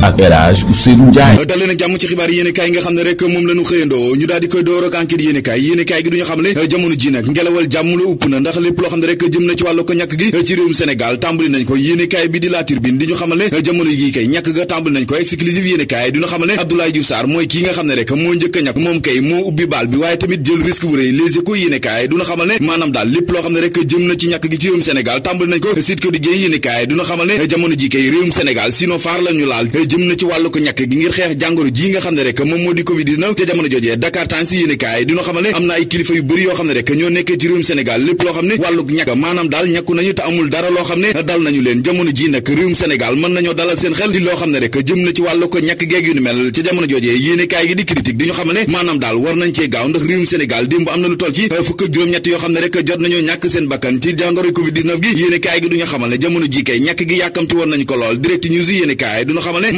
ak El Hadj Ousseynou Ndiaye dal leen jàmm ci xibaar yéene nga xam ne rek moom la ñu xëyandoo ñu daal di koy door ak enquête yéene kaay yéene kaay gi duñu xam ne eh, jamono ji na lépp loo xam ne rek jëm na ci wàllu ko ñàkk gi eh, ci réewum Sénégal tàmbali nañ ko yéene kaay bi di la Tribune di ñu xamal ne eh, jamono gi kay ñàkk ga tàmbali nañ ko exclusive yéene kaay duñu xamal ne Abdoulaye Diouf Sarr a ñàkk moom kay waaye tamit jël risque bu rëy daal lépp loo ne rek jëm na ci ñàkk gi ci réewum Sénégal tàmbali nañ ko Sud Quotidien yéene ji kay réewum Sénégal sinon faar lañu laal jëm na ci wàllu ko ñàkk gi ngir xeex jàngoro ji nga xam ne rek moom moo di covid 19 ca jamono jojee na ay yoo xam ne rek ñoo nekkee ci réewum Sénégal lépp loo ne wàlluk ñàkk maanaam daal ñàkku nañu te loo xam ne dal nañu leen jamono ji nag réewum Sénégal mën nañoo dalal seen xel di loo ne rek jëm na ci wàllu ko ñàkk geeg yu ni mel ca jamono jojee yéen gi war nañ cee gaaw ndax réewum Sénégal démb lu toll ci euh, fukk ak ñett yoo xam ne rek jot nañoo ñàkk seen bakkan ci jàngoro covid 19 gi yéen kaay gi duñu xamal ne jamono ji kay ñàkk gi yàkkamti woon nañ ko lool direct news yéen kaay duñu xamal ne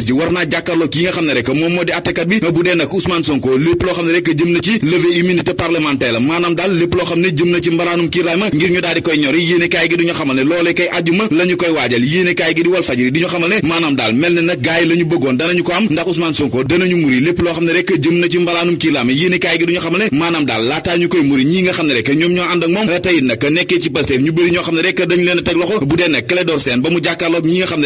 alxames ji war naa jàkkaarloo ki nga xam ne rek moom moo di attekat bi bu dee nag Ousmane Sonko lépp loo xam ne rek jëm jëm na ci mbaraanum kiiraay yéene kaay gi duñu ñu xamal ne maanaam daal mel ñu koy muri ñi nga xam ne rek ñoom ñoo ànd ak moom tey nag nekkee ci Pastef ñu bëri ñoo xam ne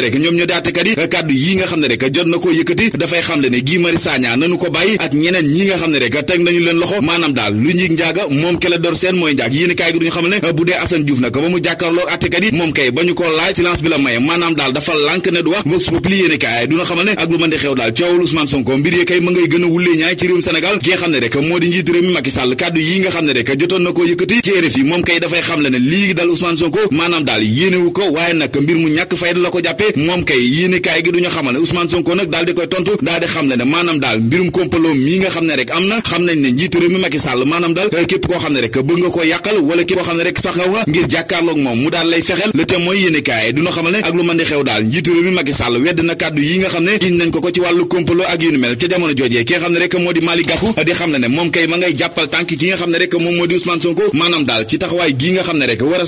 rek ñoom ñoo di attekat yi kàddu yi nga xam ne rek rek jot na koo yëkkati dafay xam le ne Guy Marius Sagna nanu ko bàyyi ak ñeneen ñi nga xam ne rek teg nañu leen loxo maanaam daal lu ñuy njaaga moom Clédor Sène mooy njaag yéen kaay gi duñu xam ne bu dee Assane Diouf nag ba mu jàkkaarloo attekat yi moom kay ba ñu ko laaj silence bi la maye maanaam daal dafa lànk ne du wax vox populi yéen kaay duna xamal ne ak lu mën di xew daal coowul Ousmane Sonko mbir yi kay ma ngay gën a wulee ñaay ci réewum Sénégal ki nga xam ne rek moo di njiitu réew mi Macky Sall kàddu yi nga xam ne rek jotoon na koo yëkkati ci RFI moom kay dafay xam le ne lii dal Ousmane Sonko maanaam daal yéenewu ko waaye nag mbir mu ñàkk fayda la ko jàppee moom kay yéen kaay gi duñu xamal ne Ousmane Sonko nag daal di koy tontu daal di ne ne daal mbirum kompaloo mii nga xam ne rek am na xam nañ ne njiitu réew mi Macky Sall maanaam daal eh, képp koo xam ne rek bëgg nga koo yàqal wala képp koo xam ne rek taxaw nga nga ko ko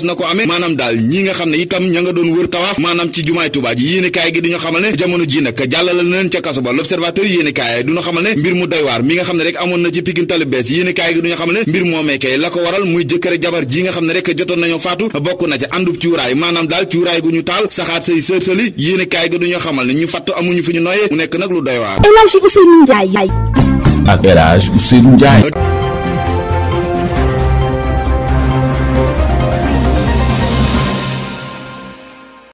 ci na ko amee maanaam daal ñi nga xam ne itam ña nga doon wër tawaaf maanaam ci jumaay Tuubaa ji yéene gi duñu xamal ne jamono ji nag jàllale na leen ca kaso ba l'observateur yéen i kaay du ñu xamal ne mbir mu doy waar mi nga xam ne rek amoon na ci Pikine tali bees yéen i kaay gi du ñu xamal ne mbir moomee la ko waral muy jëkkër ak jabar ji nga xam ne rek jotoon nañoo faatu bokk na ca àndub cuuraay maanaam daal cuuraay gu ñu taal saxaat say sër sëli gi du ñu xamal ne ñu fatt amuñu fi ñu nooyee mu nekk nag lu doy waar ak El Hadj Ousseynou